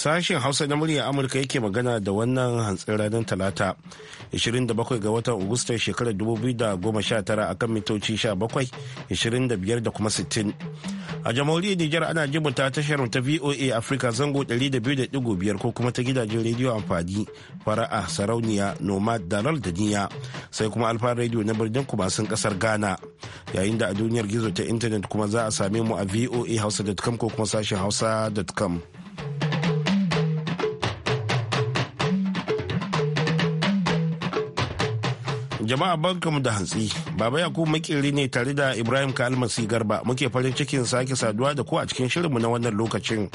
Sashen Hausa na muryar Amurka yake magana da wannan hantsin ranar Talata 27 ga watan Agusta shekarar 2019 akan mitoci 17, da kuma 60. A jamhuriyar Nijar ana jibuta tashar ta VOA Africa zango 200.5 ko kuma ta gidajen rediyo amfani fara'a sarauniya nomad dalal da niya sai kuma alfa rediyo na birnin kumasin kasar Ghana yayin da a duniyar gizo ta intanet kuma za a same mu a voa hausa.com ko kuma sashen hausa.com. Jama'a barkamu da hantsi. Baba Yakubu makiri ne tare da Ibrahim Kalmasi Garba muke farin cikin sake saduwa da ku a cikin shirinmu na wannan lokacin.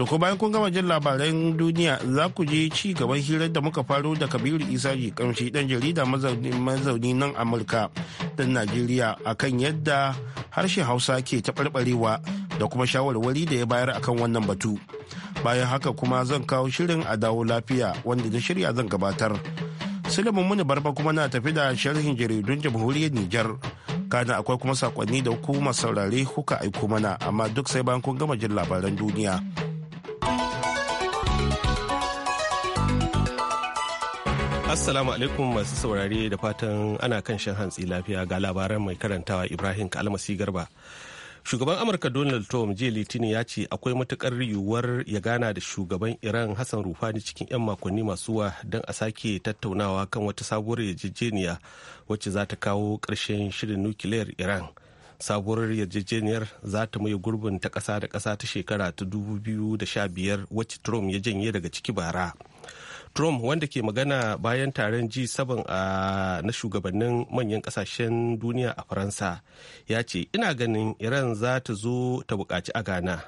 To ko bayan kun gama jin labaran duniya za ku je ci gaban hirar da muka faro da Kabiru Isa ji kamshi dan jarida mazauni nan Amurka da Najeriya akan yadda harshen Hausa ke taɓarɓarewa da kuma shawarwari da ya bayar akan wannan batu. Bayan haka kuma zan kawo shirin a dawo lafiya wanda da shirya zan gabatar. Suleiman Muni Barba kuma na tafi da sharhin jaridun jamhuriyar Nijar. Kana akwai kuma sakonni da hukumar saurare kuka aiko mana amma duk sai bayan kun gama jin labaran duniya. Assalamu alaikum masu saurare da fatan ana kan shan hantsi lafiya ga labaran mai karantawa Ibrahim Kalmasi Garba. shugaban amurka donald trump jiya litinin ya ce akwai matukar yiwuwar ya gana da shugaban iran hassan rufani cikin 'yan makonni masu wa don a sake tattaunawa kan wata sabuwar yarjejeniya wacce za ta kawo ƙarshen shirin nukiliyar iran sabuwar yarjejeniyar za ta maye gurbin ta ƙasa da ƙasa ta shekara ta 2015 wacce trump ya janye daga ciki bara. Trump wanda ke magana bayan taron G7 a na shugabannin manyan kasashen duniya a Faransa ya ce ina ganin Iran za ta zo ta bukaci a Ghana.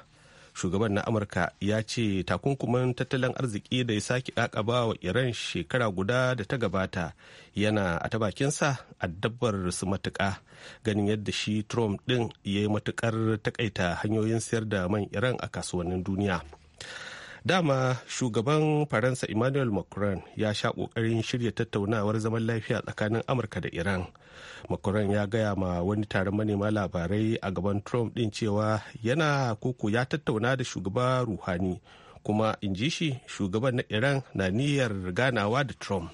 Shugaban na Amurka ya ce takunkumin tattalin arziki da ya sake kakaba wa Iran shekara guda da ta gabata yana a ta bakinsa a dabbar su matuka ganin yadda shi Trump din ya yi matuƙar takaita hanyoyin siyar da man Iran a kasuwannin duniya. dama shugaban faransa emmanuel macron ya sha kokarin shirya tattaunawar zaman lafiya tsakanin amurka da iran macron ya gaya ma wani taron manema labarai a gaban trump din cewa yana koko ya tattauna da shugaba ruhani kuma in ji shi shugaban na iran na niyyar ganawa da trump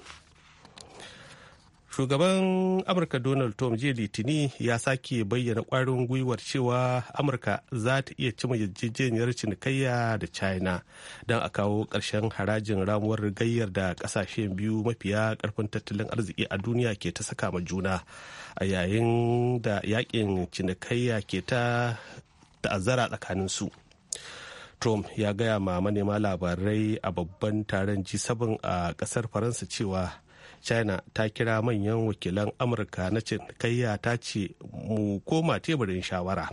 shugaban amurka donald trump jiya litini ya sake bayyana kwarin gwiwar cewa amurka za ta iya cima yarjejeniyar cinikayya da china don a kawo ƙarshen harajin ramuwar gayyar da ƙasashen biyu mafiya ƙarfin tattalin arziki a duniya ke ta saka ma juna a yayin da yakin cinikayya ke ta ta'azzara tsakanin su Trump ya gaya ma manema labarai a babban taron G7 a ƙasar Faransa cewa china ta kira manyan wakilan amurka na cin cinikayya ta ce mu koma teburin shawara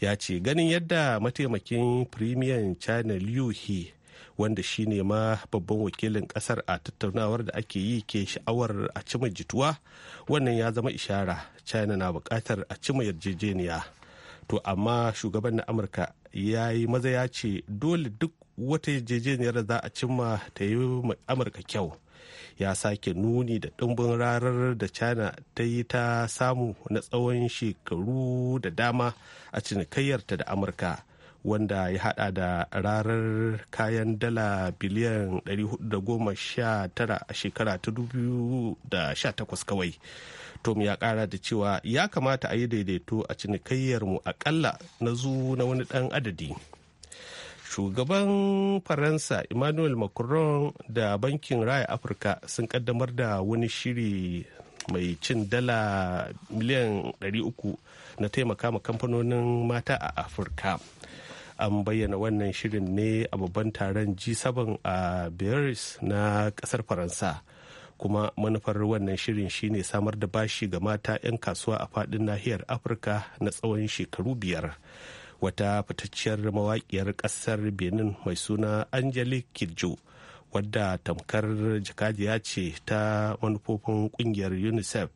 ya ce ganin yadda mataimakin premier china liu he wanda shi ne ma babban wakilin kasar a tattaunawar da ake yi ke sha'awar a cima jituwa wannan ya zama ishara china na bukatar a cima yarjejeniya to amma shugaban na amurka ya yi maza ya ce dole duk wata yarjejeniyar da za a cimma ta yi amurka kyau ya sake nuni da ɗumbin rarar da china ta yi ta samu na tsawon shekaru da dama a cinikayyarta da amurka wanda ya hada da rarar kayan dala biliyan 419 a shekara ta 2018 kawai tom ya kara da cewa ya kamata a yi daidaito a cinikayyar mu akalla na zu na wani dan adadi shugaban faransa emmanuel macron da bankin raya afirka sun kaddamar da wani shiri mai cin dala miliyan 300 na taimaka ma kamfanonin mata a afirka an bayyana wannan shirin ne a babban taron g7 a paris na kasar faransa kuma manufar wannan shirin shine samar da bashi ga mata 'yan kasuwa a fadin nahiyar afirka na tsawon shekaru biyar wata fitacciyar mawaƙiyar ƙasar benin mai suna angelique kidjo wadda tamkar jakajiya ce ta manufofin ƙungiyar unicef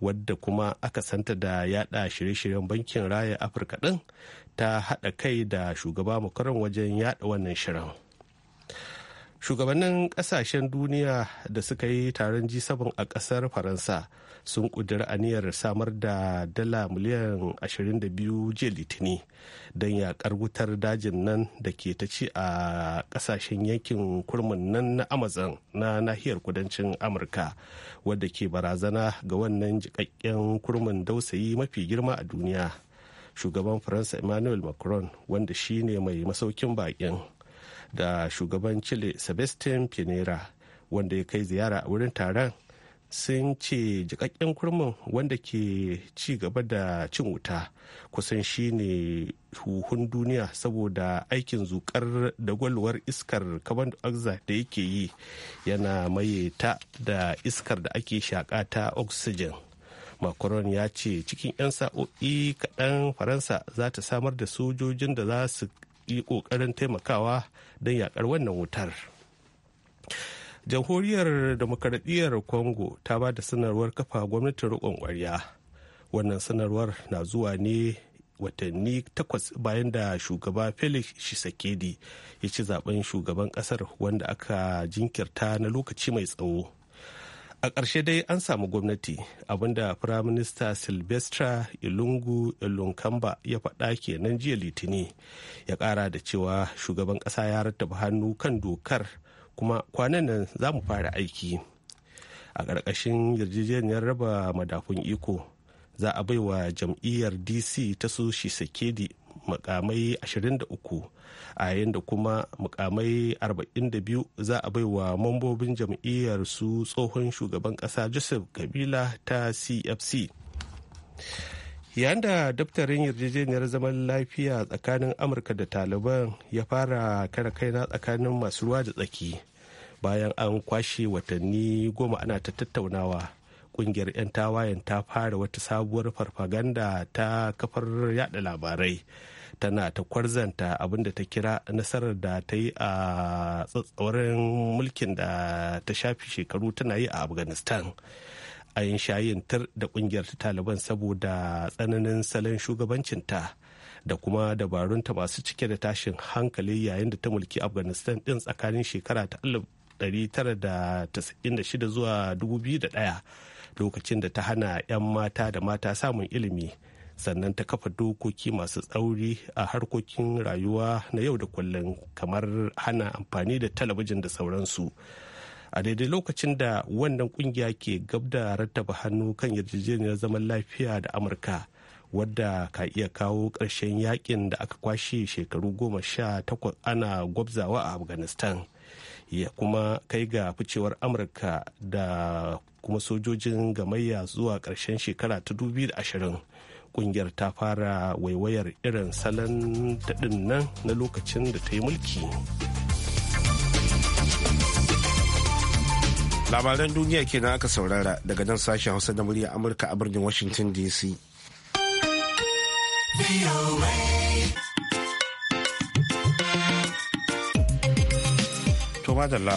wadda kuma aka santa da yada shirye-shiryen bankin raya afirka ɗin ta haɗa kai da shugaba makaron wajen yada wannan shirin. shugabannin kasashen duniya da suka yi taron ji a kasar faransa sun kudiri aniyar samar da dala miliyan 22 jiya litini don yakar wutar dajin nan da ke ta ci a kasashen yankin kurmin nan na amazon na nahiyar kudancin amurka wadda ke barazana ga wannan jikakken kurmin dausayi mafi girma a duniya shugaban faransa emmanuel macron wanda shine mai masaukin bakin da shugaban chile sebastian pinera wanda ya kai ziyara a wurin taron sun ce jikakken kurmin wanda ke ci gaba da cin wuta kusan shi ne huhun duniya saboda aikin zukar gwalwar iskar carbon dioxide da yake yi yana maye ta da iskar da ake shaƙa ta oxygen macron ya ce cikin 'yan sa'o'i kaɗan faransa za ta samar da sojojin da za su yi ƙoƙarin taimakawa don yakar wannan wutar. jamhuriyar demokaradiyyar congo ta ba da sanarwar kafa gwamnatin riƙon ƙwarya wannan sanarwar na zuwa ne watanni takwas bayan da shugaba felix shisekedi ya ci zaben shugaban kasar wanda aka jinkirta na lokaci mai tsawo a ƙarshe dai an samu gwamnati abinda firaminista silvestra ilungu ilunkamba ya faɗa kenan jiya litini ya ƙara da cewa shugaban ƙasa ya rattaba hannu kan dokar kuma kwanan nan za mu fara aiki a ƙarƙashin yarjejeniyar raba madafun iko za a bai wa jam'iyyar dc ta su shisekedi mukamai 23 a yayin da kuma mukamai 42 za a bai wa mambobin jam'iyyar su tsohon shugaban kasa joseph kabila ta cfc yayin da daftarin yarjejeniyar zaman lafiya tsakanin amurka da taliban ya fara kare kaina tsakanin masu ruwa da tsaki bayan an kwashe watanni goma ana ta tattaunawa kungiyar 'yan tawayen ta fara wata sabuwar farfaganda ta kafar yada labarai tana ta kwarzanta abinda ta kira nasarar da ta yi a tsatsauran mulkin da ta shafi shekaru tana yi a afghanistan a yin shayin tar da kungiyar ta taliban saboda tsananin salon shugabancinta da kuma dabarunta masu cike da tashin hankali yayin da ta mulki afghanistan din tsakanin shekara ta 1996 zuwa 2001 lokacin da ta hana 'yan mata da mata samun ilimi sannan ta kafa dokoki masu tsauri a harkokin rayuwa na yau da kullum kamar hana amfani da talabijin da sauransu a daidai lokacin da wannan kungiya ke gab da rattaba hannu kan yarjejeniyar zaman lafiya da amurka wadda ka iya kawo ƙarshen yakin da aka kwashe shekaru goma sha takwas ana gwabzawa a afghanistan ya kuma kai ga ficewar amurka da kuma sojojin gamayya zuwa ƙarshen shekara ta ashirin kungiyar ta fara waiwayar irin salon daɗin nan na lokacin da ta yi mulki labaran duniya kenan aka saurara daga nan sashen hausa na murya amurka a birnin washington dc da la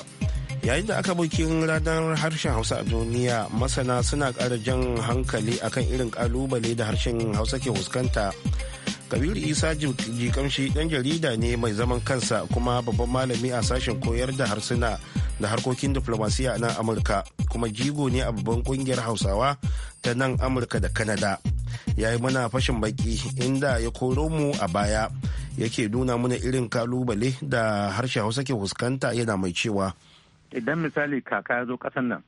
Yayin da aka bukin ranar harshen Hausa a duniya, masana suna ƙara jan hankali akan irin ƙalubale da harshen Hausa ke fuskanta. Kabiru Isa Jikamshi ɗan jarida ne mai zaman kansa kuma babban malami a sashen koyar da harsuna da harkokin diplomasiya na Amurka kuma jigo ne a babban kungiyar Hausawa ta nan Amurka da Kanada. yayi yi mana fashin baki inda ya koro mu a baya yake nuna mana irin kalubale da harshe hausa ke fuskanta yana mai cewa idan misali kaka ya zo kasan nan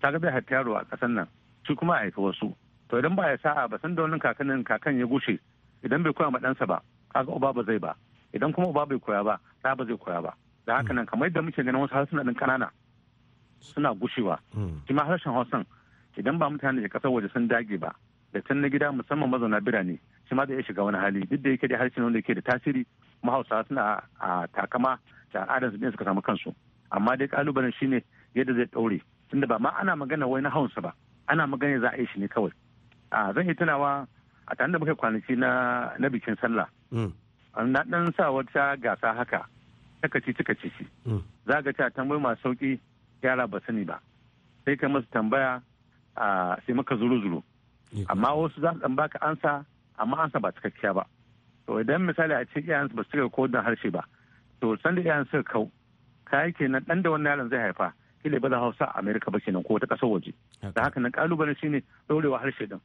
ta ga zai haifi yaro a kasan nan su kuma a haifi wasu to idan ba ya sa'a ba san da wani kakan nan kakan ya gushe idan bai koya ma ɗansa ba kaga uba ba zai ba idan kuma uba bai koya ba ɗa ba zai koya ba da haka nan kamar yadda muke ganin wasu harsuna ɗin kanana suna gushewa hmm. shi harshen hausan idan ba mutane da kasar waje sun dage ba da can na gida musamman mazauna birane shi ma zai iya shiga wani hali duk da yake da harshen wanda yake da tasiri mahausa suna a takama da al'adar su suka samu kansu amma dai kalubalen shine yadda zai daure tunda ba ma ana magana wai na hausa ba ana magana za a yi shi ne kawai a zan yi tunawa a tare da muka kwanaki na bikin sallah mm. na dan sa wata gasa haka ta kacici ci mm. za ga ta tambayi masu sauki yara ba sani ba sai ka masu tambaya sai maka zuru zuru amma wasu za su dan baka ansa amma ansa ba cikakkiya ba to idan misali a ce iyayen ba su cika kodin harshe ba to san da iyayen suka kau kayan kenan dan da wannan yaron zai haifa kila ba za hausa a amerika ba kenan ko ta kasar waje da haka nan kalubale shine dorewa harshe din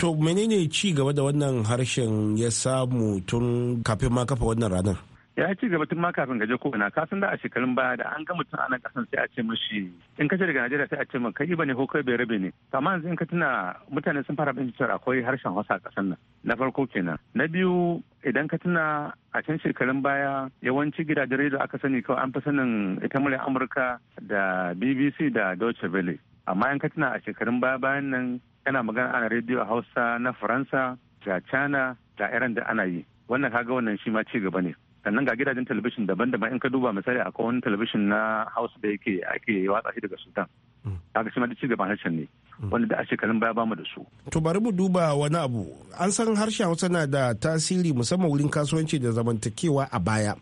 to menene ci gaba da wannan harshen ya samu tun kafin ma kafa wannan ranar ya ci gaba tun ma kafin gaje ko ina ka san da a shekarun baya da an ga mutum ana kasan sai a ce mashi in ka ce daga Najeriya sai a ce min kai ba ne ko kai bai rabe ne amma yanzu in ka tuna mutane sun fara bincike akwai harshen Hausa a kasan nan na farko kenan na biyu idan ka tuna a can shekarun baya yawanci gidajen rediyo aka sani kawai an fi sanin ita murya Amurka da BBC da Deutsche Welle amma in ka tuna a shekarun baya bayan nan yana magana ana rediyo Hausa na Faransa da China da Iran da ana yi wannan kaga wannan shi ma ci gaba ne sannan ga gidajen talabishin daban-daban in ka duba misali a wani talabishin na hausa da yake ake watsa shi daga sudan mm. kaga shi ma ci gaban harshen ne wanda da a shekarun baya bamu da su to bari mu duba wani abu an san harshen hausa na da tasiri musamman wurin kasuwanci da zamantakewa a baya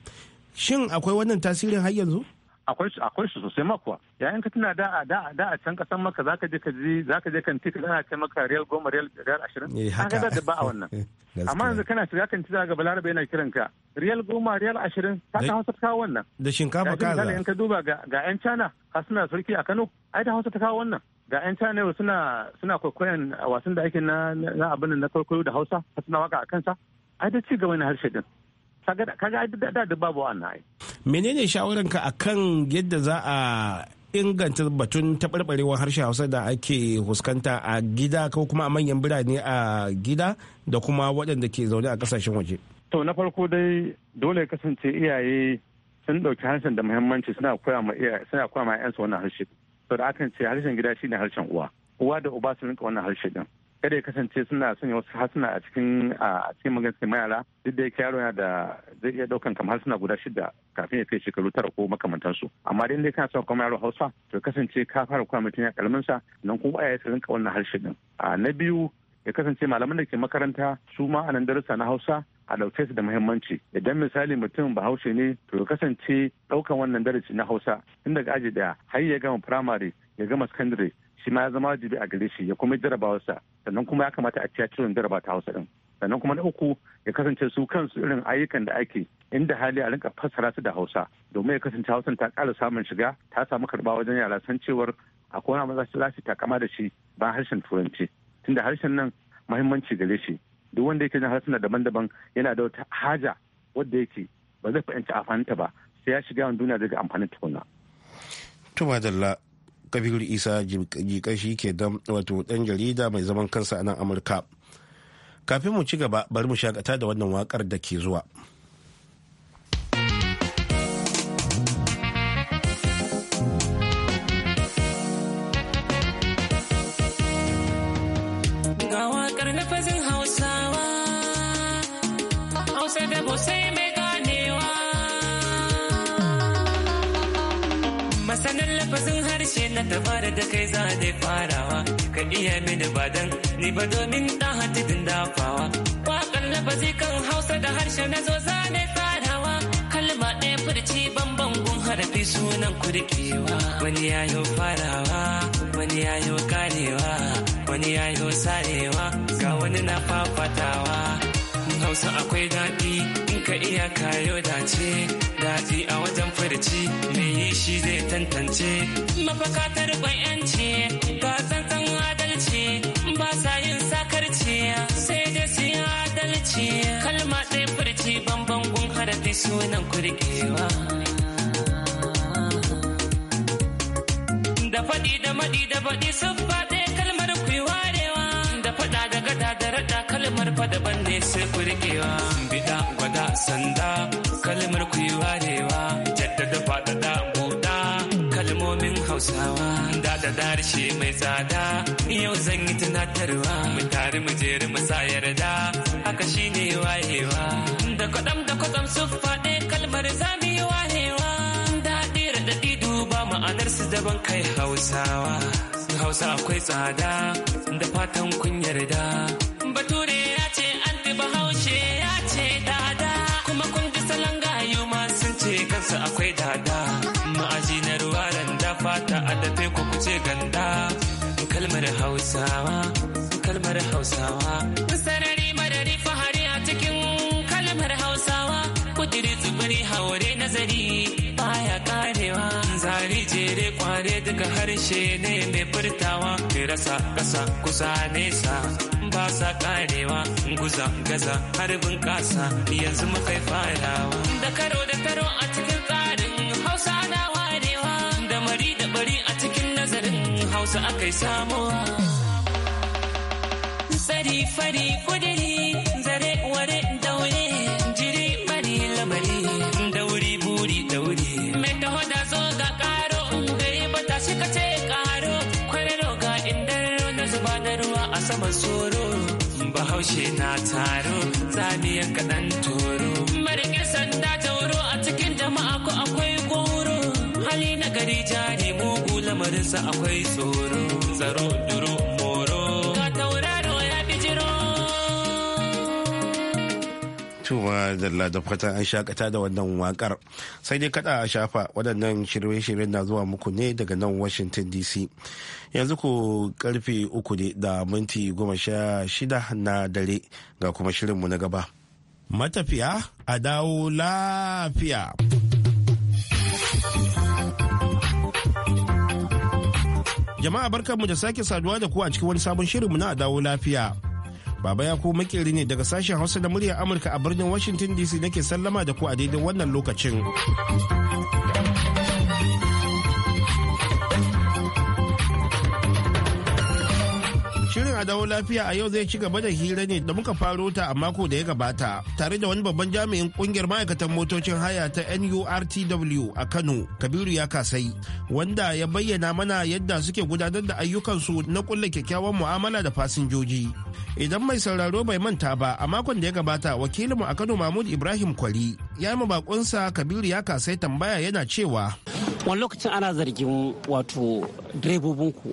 shin akwai wannan tasirin har yanzu akwai su akwai su sosai makuwa yayin ka tuna da a da a da a can kasan maka zaka je ka ji zaka je kan titi ana kai maka real goma real real 20 an ga da ba a wannan amma yanzu kana shiga kan ci ga balarabe yana kiran ka real goma real 20 ta ta hausa ta kawo wannan da shinkafa kaza yayin ka duba ga ga yan cana ka suna surki a Kano ai ta hausa ta kawo wannan ga yan cana yau suna suna kwaikwayon wasan da ake na na abin na kwaikwayo da hausa Ka suna waka a kansa ai da ci gaba na harshe din kaga kaga da da babu wannan ai menene shawararka kan yadda za a inganta batun taɓarɓarewar harshen hausa da ake fuskanta a gida ko kuma a manyan birane a gida da kuma waɗanda ke zaune a ƙasashen waje to na farko dai dole kasance iyaye sun ɗauki harshen da muhimmanci suna koya ma suna koya ma 'yansu wannan harshe to da akan ce harshen gida shine harshen uwa uwa da uba su rinka wannan harshe ɗin. kada ya kasance suna sanya wasu harsuna a cikin a cikin maganin yara duk da yake yaro yana da zai iya daukan kamar harsuna guda shida kafin ya kai shekaru tara ko su amma dai da kana son kuma yaro hausa to kasance ka fara koya mutum ya kalmin sa nan kuma ya su rinka wannan harshe din a na biyu ya kasance malaman da ke makaranta su ma a nan darussa na hausa a ɗauke su da muhimmanci idan misali mutum bahaushe ne to ya kasance ɗaukan wannan darasi na hausa tun daga aji daya har ya gama firamare ya gama sakandare shi ma ya zama wajibi a gare shi ya kuma jarabawarsa sannan kuma ya kamata a ciya ciwon jaraba ta hausa din sannan kuma na uku ya kasance su kansu irin ayyukan da ake inda hali a rinka fassara su da hausa domin ya kasance hausan ta ƙara samun shiga ta samu karɓa wajen yara san cewar a kona maza su su takama da shi ba harshen turanci tunda harshen nan mahimmanci gare shi duk wanda yake jin harsuna daban-daban yana da wata haja wadda yake ba zai fahimci amfaninta ba sai ya shiga duniya daga amfanin tukuna. Tumadalla kabiru isa jikashi ke dan wato dan jarida mai zaman kansa a nan amurka kafin mu ci gaba bari mu shakata da wannan wakar da ke zuwa. lafazin harshe na tafara da kai za da farawa ka iya mini badan ni ba domin ɗan hatidin dafawa waƙar lafazi kan hausa da harshe na zo za ne farawa kalma ɗaya furci bambam, gun harafi sunan kurkewa wani yayo farawa wani yayo karewa wani yayo sarewa ga wani na fafatawa hausa akwai daɗi in ka iya kayo dace daɗi a wajen farci mai yi shi zai tantance Mafakatar ta riƙon yanci ga tsantsan adalci ba sa yin sakarci sai dai su yi adalci kalma ɗaya farci banban gun harafi sunan kurkewa da faɗi da maɗi da baɗi sun faɗi raɗa kalmar fa daban ne sai ku riƙewa Bida gwada sanda kalmar ku yi warewa jaddada faɗaɗa buɗa kalmomin hausawa da da darshe mai tsada yau zan yi tunatarwa mu tare mu jere mu sa yarda haka shine wayewa da kwadam da kwadam su faɗe kalmar zami wayewa daɗi raɗaɗi duba ma'anarsu daban kai hausawa hausa akwai tsada da fatan kun yarda su akwai dada ma'aji na ruwa randa fata a dafe ku kuce ganda kalmar hausawa kalmar hausawa sarari madari fahari a cikin kalmar hausawa kudiri zubari haure nazari karewa zari jere kware daga harshe ne mai furtawa rasa kasa kusa nesa ba sa karewa guza gaza harbin kasa yanzu mukai farawa da karo da taro a cikin tsarin hausa na warewa da mari da bari a cikin nazarin hausa akai samuwa sari fari kudiri soro bahaushe na taro zaniya kadan toro marike sanda wuro a cikin jama'a ko akwai goro hali na gari jari mugu lamarinsa akwai tsoro zaro duro Tuma Dalla da fatan an shakata da wannan wakar. Sai dai kada a shafa waɗannan shirye-shiryen na zuwa muku ne daga nan Washington DC. Yanzu ku karfe uku ne da minti goma sha shida na dare ga kuma shirinmu na gaba. Matafiya a dawo lafiya. Jama'a barkanmu da sake saduwa da kuwa a cikin wani sabon shirinmu na dawo lafiya. Baba ya ku makeri ne daga sashen Hausa da muryar Amurka a birnin Washington DC nake sallama da ku a daidai wannan lokacin. a dawo lafiya a yau zai ci gaba da hira ne da muka faro ta a mako da ya gabata tare da wani babban jami'in kungiyar ma'aikatan motocin haya ta NURTW a Kano Kabiru ya kasai wanda ya bayyana mana yadda suke gudanar da ayyukansu na kulle kyakkyawan mu'amala da fasinjoji. Idan mai sauraro bai manta ba a makon da ya gabata wakilinmu a Kano Mahmud Ibrahim kwari ya yi bakunsa Kabiru ya kasai tambaya yana cewa wani lokacin ana zargin wato direbobinku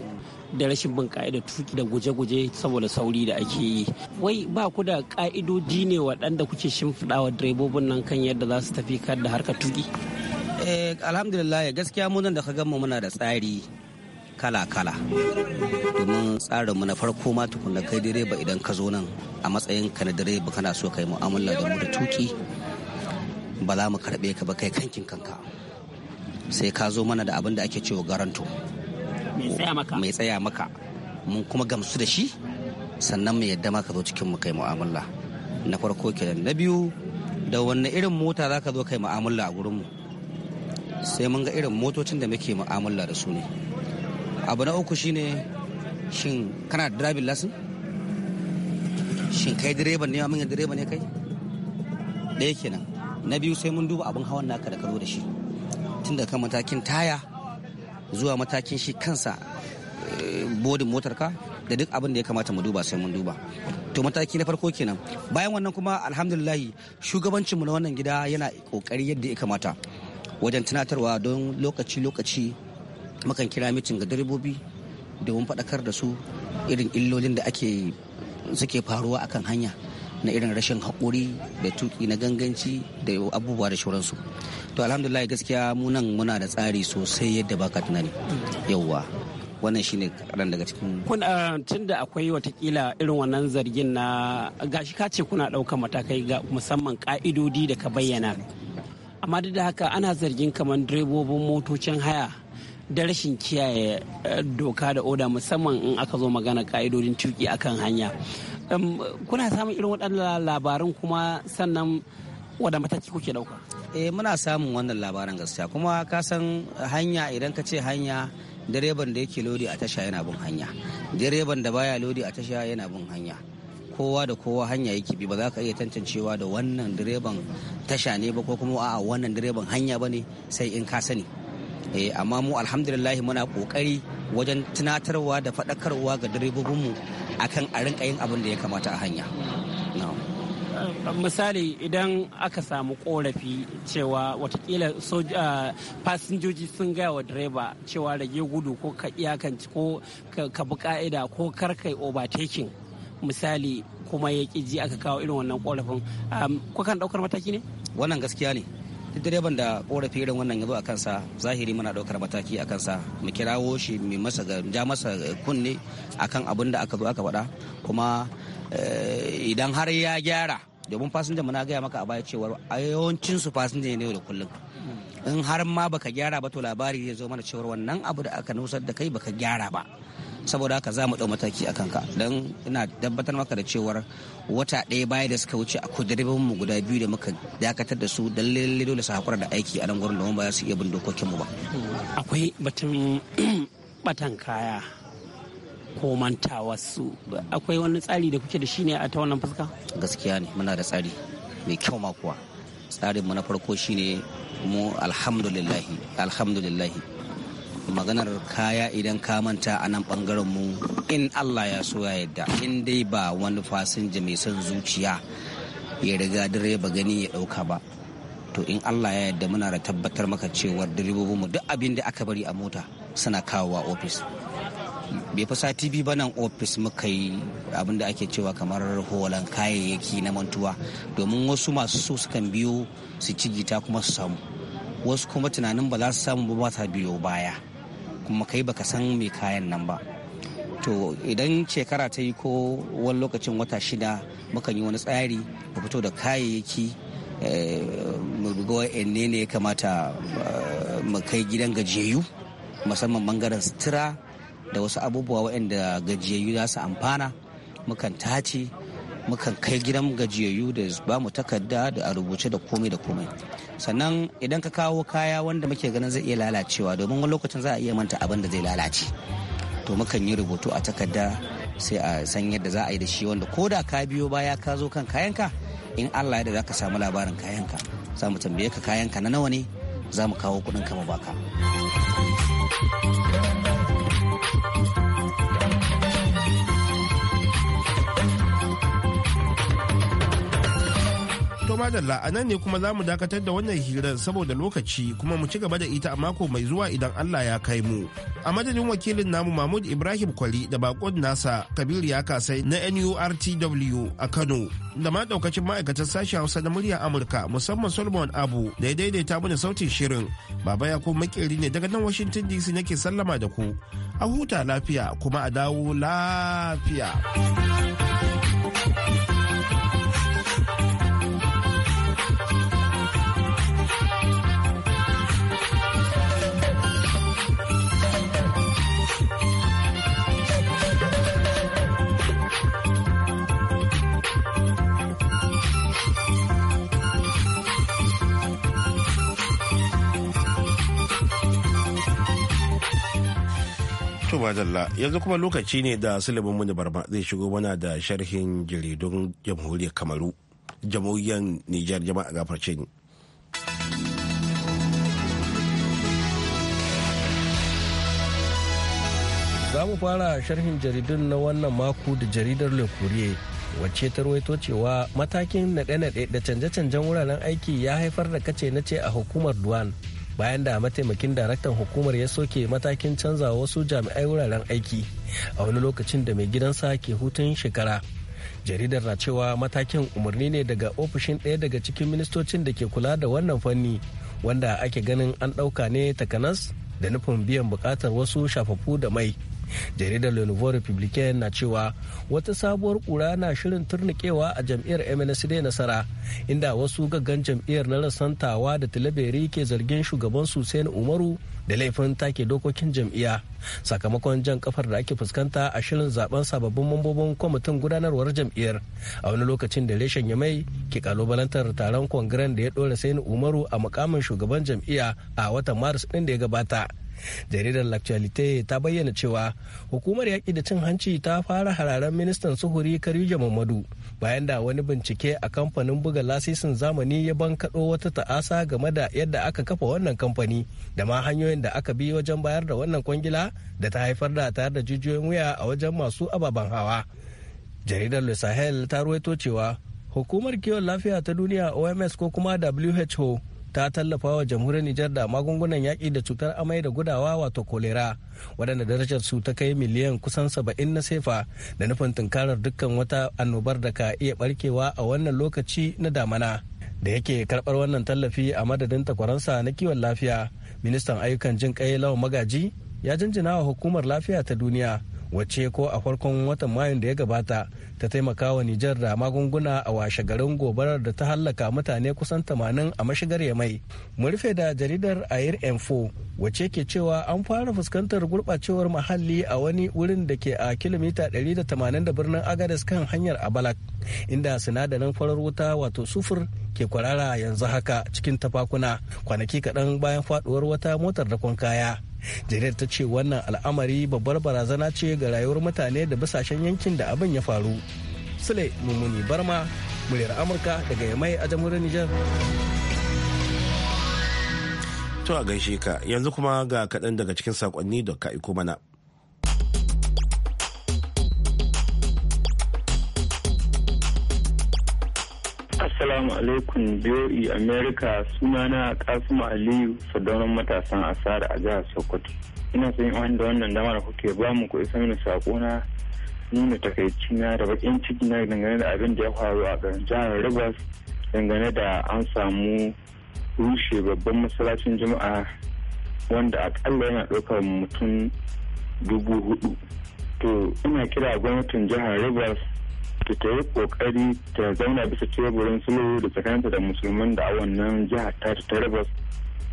da rashin bin ka'ida tuki da guje-guje saboda sauri da ake yi wai ba ku da ka'idoji ne waɗanda kuke shimfiɗa wa direbobin nan kan yadda za su tafi kar da harkar tuki eh alhamdulillah gaskiya mu nan da ka mu muna da tsari kala-kala domin tsarinmu na farko ma tukunna kai direba idan ka zo nan a matsayin ka na direba kana so kai mu'amala da mu da tuki ba za mu karɓe ka ba kai kankin kanka sai ka zo mana da abin da ake cewa garanto mai tsaya maka mun kuma gamsu da shi sannan mai yadda maka zo cikin mu kai mu'amala na farko kenan na biyu da wanne irin mota za ka zo kai mu'amala a gurinmu sai mun ga irin motocin da muke mu'amala da su ne abu na uku shine shin kana da driving lesson shin kai direban ne amin direba ne kai ɗaya kenan na biyu sai mun duba abin hawan naka da ka zo da shi tun daga matakin taya zuwa matakin shi kansa eh, bodin motarka da duk abin da ya kamata mu duba sai mun duba to mataki na farko kenan bayan wannan kuma alhamdulillahi shugabancinmu na wannan gida yana kokari yadda ya kamata wajen tunatarwa don lokaci lokaci mukan kira mitin ga direbobi domin faɗakar da su irin illolin da ake suke faruwa akan hanya na irin rashin haƙuri da tuki na ganganci da abubuwa da shauransu to alhamdulillah gaskiya mu nan muna da tsari sosai yadda baka tunani yauwa wannan shine kaɗan daga cikin kun tun da akwai watakila irin wannan zargin na gashi ka ce kuna ɗaukar matakai ga musamman ka'idodi da ka bayyana amma duk da haka ana zargin kamar direbobin motocin haya da rashin kiyaye eh, doka da oda musamman in aka zo magana ka'idodin tuki akan hanya kuna samun irin waɗannan labarin kuma sannan wadda mataki kuke ɗauka eh muna samun wannan labaran gaskiya kuma ka san hanya idan ka ce hanya direban da yake lodi a tasha yana bin hanya direban da baya lodi a tasha yana bin hanya kowa da kowa hanya yake bi ba za ka iya tantancewa da wannan direban tasha ne ba ko kuma a'a wannan direban hanya ba ne sai in ka sani eh amma mu alhamdulillah muna kokari wajen tunatarwa da faɗakarwa ga direbobinmu akan a rinka yin abin da ya kamata a hanya misali idan aka samu korafi cewa watakila fasinjoji sun gaya wa direba cewa rage gudu ko ka iyakanci ko ka bi ka'ida ko karkai overtaking misali kuma ya ji aka kawo irin wannan korafin kukan daukar mataki ne wannan gaskiya ne direban da korafi irin wannan ya zo a kansa zahiri muna daukar mataki a kansa mu kirawo shi mai masa ja masa kunne akan abin da aka zo aka faɗa kuma eh, idan har ya gyara domin fasinja muna gaya maka a baya cewar a yawancin su fasinja ne da kullum in har ma baka gyara ba to labari zai zo mana cewar wannan abu da aka nusar da kai baka gyara ba saboda haka za mu ɗau mataki a kanka don ina tabbatar maka da cewar wata ɗaya baya da suka wuce a kudurbin mu guda biyu da muka dakatar da su don lalle dole su hakura da aiki a nan gurin domin ba za su iya bin dokokin mu ba akwai batun batan kaya ko wasu? akwai wani tsari da kuke da shi ne a ta wannan fuska gaskiya ne muna da tsari mai kyau ma kuwa mu na farko shine mu alhamdulillahi alhamdulillahi maganar kaya idan ka manta a nan bangaren mu in Allah ya so ya yadda in dai ba wani fasinja mai son zuciya ya riga direba gani ya dauka ba to in Allah ya yadda muna da tabbatar maka cewar direbobin mu duk abin da aka bari a mota suna kawowa ofis bai fi sati biyu ba nan ofis muka yi abin da ake cewa kamar holan kayayyaki na mantuwa domin wasu masu so sukan biyo su ci gita kuma su samu wasu kuma tunanin ba za su samu ba ba ta biyo baya kuma kai baka san mai kayan nan ba to idan shekara ta yi ko wani lokacin wata shida mukan yi wani tsari mu fito da kayayyaki eh, mu buga ne ne ya kamata eh, mu kai gidan gajiyayyu musamman bangaren sutura da wasu abubuwa waɗanda gajiyayyu za su amfana mukan tace mukan kai gidan gajiyayyu da ba mu takarda da a rubuce da komai da komai sannan idan ka kawo kaya wanda muke ganin zai iya lalacewa domin wani lokacin za a iya manta abin da zai lalace to mukan yi rubutu a takarda sai a san yadda za a yi da shi wanda ko da ka biyo baya ka zo kan kayanka in allah da za ka samu labarin kayanka za mu tambaye ka kayanka na nawa ne za mu kawo kuɗin ka mu baka. To da a nan ne kuma za mu dakatar da wannan hirar saboda lokaci kuma mu ci gaba da ita a mako mai zuwa idan Allah ya kai mu. A madadin wakilin namu Mahmud Ibrahim Kwali da bakon nasa Kabiru ya kasai na NURTW a Kano da ma daukacin ma'aikatan sashen Hausa na muryar Amurka musamman Solomon Abu da ya daidaita mana sautin shirin. Baba ya kuma makeri ne daga nan Washington DC nake sallama da ku. A huta lafiya kuma a dawo lafiya. To madalla yanzu kuma lokaci ne da Sulaiman Muni Barma zai shigo mana da sharhin jaridun jamhuriyar Kamaru. Jamhuriyar Nijar jama'a gafarce ni. Za mu fara sharhin jaridun na wannan mako da jaridar Le Courrier wacce ta rawaito cewa matakin naɗe-naɗe da canje-canjen wuraren aiki ya haifar da kace na ce a hukumar Duwan. bayan da mataimakin daraktan hukumar ya soke matakin canza wasu jami'ai wuraren aiki a wani lokacin da mai gidansa ke hutun shekara jaridar na cewa matakin umarni ne daga ofishin ɗaya daga cikin ministocin da ke kula da wannan fanni wanda ake ganin an ɗauka ne takanas da nufin biyan buƙatar wasu shafafu da mai jaridar le nouveau republicain na cewa wata sabuwar kura na shirin turnikewa a jam'iyyar mnsd nasara inda wasu gaggan jam'iyyar na rasantawa da talaberi ke zargin shugaban susain umaru da laifin take dokokin jam'iyya sakamakon jan kafar da ake fuskanta a shirin zaben sababbin mambobin kwamitin gudanarwar jam'iyyar a wani lokacin da reshen mai ke kalubalantar taron kongren da ya dora sain umaru a mukamin shugaban jam'iyya a watan maris din da ya gabata jaridar l'actualité ta bayyana cewa hukumar yaƙi da cin hanci ta fara hararen ministan suhuri karija mamadu bayan da wani bincike a kamfanin buga lasisin zamani ya bankaɗo wata ta'asa game da yadda aka kafa wannan kamfani da ma hanyoyin da aka bi wajen bayar da wannan kwangila da ta haifar da tare da jijiyoyin wuya a wajen masu ababen hawa jaridar le sahel ta ruwaito cewa hukumar kiwon lafiya ta duniya oms ko kuma who ta tallafa wa jamhuriyar Nijar da magungunan yaƙi da cutar amai da gudawa wato kolera waɗanda darajar su ta kai miliyan kusan saba'in na sefa da nufin tunkarar dukkan wata annobar da ka iya barkewa a wannan lokaci na damana. Da yake karɓar wannan tallafi a madadin takwaransa na kiwon lafiya, ministan ayyukan jin kai lawan magaji ya jinjina wa hukumar lafiya ta duniya wacce ko a farkon watan mayun da ya gabata ta taimaka wa nijar da magunguna a washe garin gobarar da ta hallaka mutane kusan 80 a mashigar yamai mu rufe da jaridar air info wacce ke cewa an fara fuskantar gurɓacewar muhalli a wani wurin da ke a kilomita 180 da birnin agadas kan hanyar abalak inda sinadarin farar wuta wato sufur ke kwarara yanzu haka cikin tafakuna kwanaki kaɗan bayan faɗuwar wata motar da kaya jaridar ta ce wannan al'amari babbar barazana ce ga rayuwar mutane da basashen yankin da abin ya faru sule mummuni barma muryar amurka daga yamai a jamhuriyar nijar to a gaishe ka yanzu kuma ga kaɗan daga cikin saƙonni da ka iko mana Assalamu alaikum BOE America na Kasim Aliyu Sadaunan matasan asara a jihar Sokoto. Ina son yin da wannan dama da kuke ba mu ku isa mini sakona nuna takaici na da bakin ciki na dangane da abin da ya faru a garin jihar Rivers dangane da an samu rushe babban masallacin juma'a wanda akalla yana ɗaukar mutum dubu hudu. To ina kira gwamnatin jihar Rivers to ta yi kokari ta zauna bisa teburin sulhu da tsakanta da musulman da a wannan jihar ta ta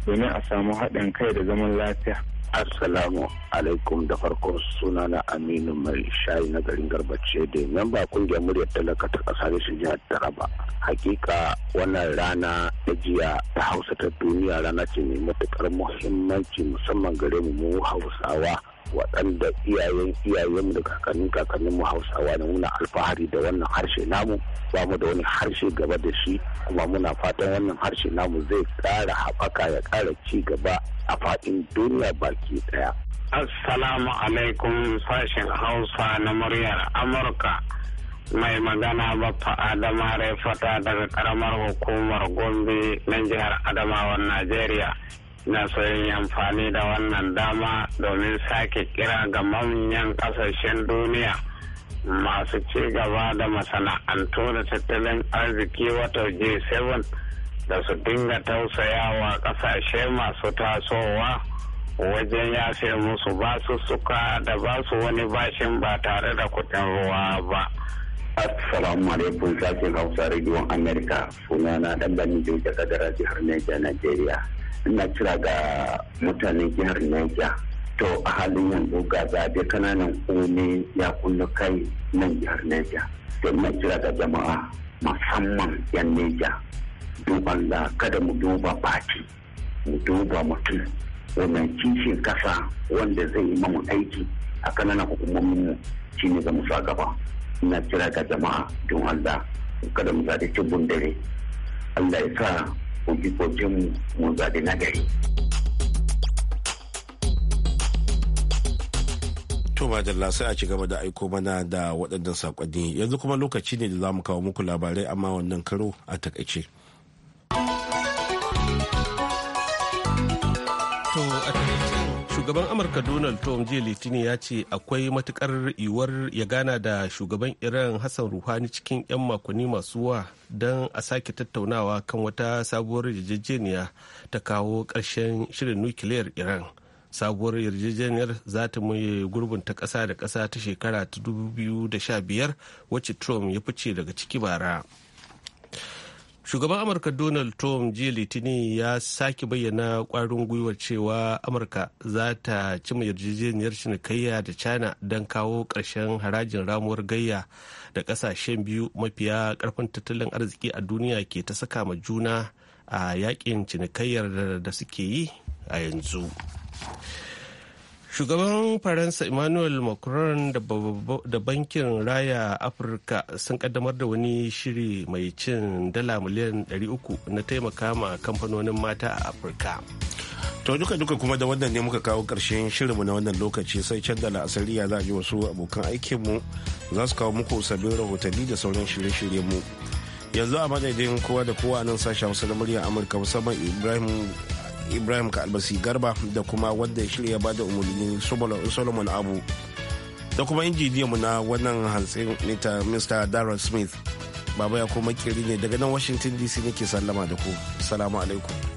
domin a samu haɗin kai da zaman lafiya. Assalamu alaikum da farko suna na Aminu mai shayi na garin garbace da memba kungiyar muryar talaka ta kasa da shi jihar Taraba. Hakika wannan rana da jiya ta Hausa ta duniya rana ce mai matukar muhimmanci musamman gare mu Hausawa waɗanda iyayen iyayen da kakannin kakannin mu hausawa ne muna alfahari da wannan harshe namu ba mu da wani harshe gaba da shi kuma muna fatan wannan harshe namu zai ƙara haɓaka ya ƙara ci gaba a faɗin duniya baki ɗaya. Assalamu alaikum sashen Hausa na muryar Amurka. mai magana baffa adama fata daga karamar hukumar gombe na jihar adamawan najeriya na so yi amfani da wannan dama domin sake kira ga manyan kasashen duniya masu ci gaba da masana'antu da tattalin arziki wata g7 da su dinga tausayawa kasashe masu tasowa wajen yafe musu basussuka da basu wani bashin ba tare da kudin ruwa ba. Assalamu alaikum sashen Hausa rediyon Amerika sunana dan gani Joja Kadara jihar Niger Nigeria. Ina kira ga mutanen jihar Niger. To a halin yanzu ga zaɓe kananan kome ya kullu kai nan jihar Niger. To ina kira ga jama'a musamman yan Niger. Duban da kada mu duba baki mu duba mutum wannan kishin kasa wanda zai yi mamu aiki a kananan hukumomin mu shine ga mu sa gaba. ina kira ga jama'a don Allah kada mu zaɗi tubun dare Allah ya sa bi koken mu mu zaɗi gari. To madalla sai a ci gaba da aiko mana da waɗannan saƙonni yanzu kuma lokaci ne da za mu kawo muku labarai amma wannan karo a takaice. shugaban amurka donald trump jiya litini ya ce akwai matukar yiwuwar ya gana da shugaban iran hassan ruhani cikin 'yan makonni masu wa don a sake tattaunawa kan wata sabuwar yarjejeniya ta kawo ƙarshen shirin nukiliyar iran sabuwar yarjejeniyar za ta gurbin ta ƙasa da ƙasa ta shekara ta 2015 wacce trump ya fice daga ciki bara shugaban amurka donald trump jiya litinin ya sake bayyana kwarin gwiwar cewa amurka za ta cima yarjejeniyar cinikayya da china don kawo ƙarshen harajin ramuwar gayya da ƙasashen biyu mafiya karfin tattalin arziki a duniya ke ta saka ma juna a yakin cinikayyar da suke yi a yanzu shugaban faransa emmanuel macron da bankin raya afirka sun kaddamar da wani shiri mai cin dala miliyan 300 na taimaka ma kamfanonin mata a afirka to duka duka kuma da wannan ne muka kawo karshen shirinmu na wannan lokaci sai can da la'asari ya za ji wasu abokan aikinmu za su kawo muku sabbin rahotanni da sauran shirye shiryenmu yanzu a madadin kowa da kowa nan sashen hausa na murya amurka musamman ibrahim ibrahim ka albasi garba da kuma wanda ya shirya ba da umarni solomon abu da kuma mu na wannan hantsin mr darren smith baba ya kuma kiri ne daga nan washington dc nake sallama da ku salamu alaikum